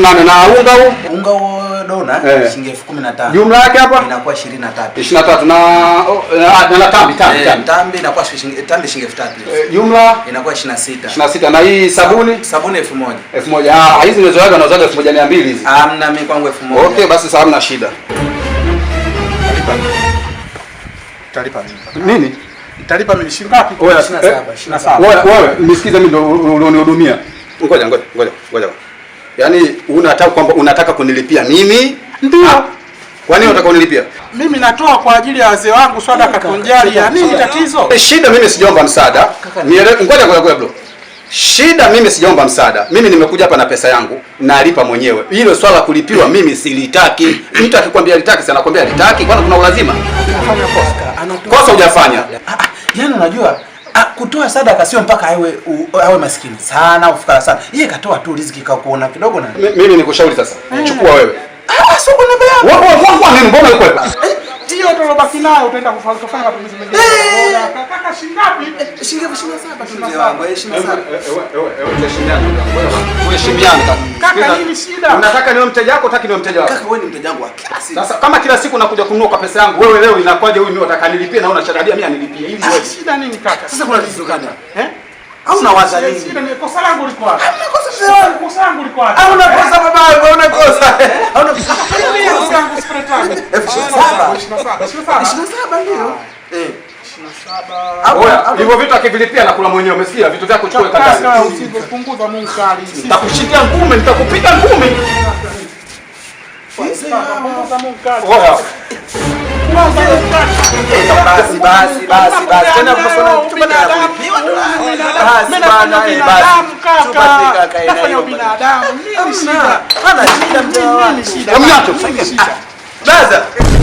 nane na unga huu unga huu dona eh, shilingi elfu kumi na tano jumla yake hapa inakuwa ishirini na tatu ishirini na tatu na oh, eh, ah, na tambi tambi eh, tambi inakuwa shilingi tambi shilingi elfu tatu eh, jumla inakuwa ishirini na sita ishirini na sita na hii sabuni sabuni elfu moja elfu moja Ah, hizi na nauzaga elfu moja mia mbili hizi. Hamna, ah, mimi kwangu elfu moja Okay, basi sawa, hamna shida. Talipa mimi nini? Talipa mimi shilingi ngapi? Wewe 27 27. Eh, wewe misikiza, mimi ndio unihudumia. Ngoja ngoja ngoja ngoja. Yaani unataka kwamba unataka kunilipia mimi? Ndio. Ah, kwa nini unataka kunilipia? Mimi natoa kwa ajili ya wazee wangu swada katunjali ya nini tatizo? Eh, shida mimi sijaomba msaada. Nielewe ngoja kwa kwa bro. Shida mimi sijaomba msaada. Mimi nimekuja hapa na pesa yangu, nalipa mwenyewe. Hilo swala kulipiwa mimi silitaki. Mtu akikwambia alitaki, sana kwambia alitaki, kwani kuna ulazima? Anafanya kosa. Kosa hujafanya. Ah, ah, yaani unajua kutoa sadaka sio mpaka awe awe maskini sana ufukara sana. Yeye katoa tu riziki kwa kuona kidogo na mimi nikushauri sasa. Eh. Chukua wewe. Ah, ah sio kuna wewe Wewe mbona uko hapa? Eh, hiyo ndio lobaki nayo, utaenda kufanya matumizi mengine. Kaka eh, shilingi shida. Unataka niwe mteja wako, unataka niwe mteja wako? Kaka wewe ni mteja wangu wa kila siku. Sasa kama kila siku nakuja kununua kwa pesa yangu, wewe leo inakwaje? Huyu mimi nataka nilipie, naona shadadia mimi anilipie hivi. Wewe ah, shida nini kaka? Sasa kuna tatizo gani Eh? Au nawaza nini? Shida ni kosa langu liko wapi? Hamna kosa, kosa langu liko wapi? Au eh? unakosa baba, eh? unakosa. Hivyo vitu akivilipia na kula mwenyewe, umesikia? Vitu vyako chukua kabisa. Kaka, usipopunguza Mungu kali. Nitakushikia ngumi, nitakupiga ngumi. Basi basi basi basi. Tena msona tupa na kulipiwa dola. Basi bana eh basi. Tupa tika kaina hiyo. Binadamu, nini shida? Hana shida Nini shida? tu. Basi.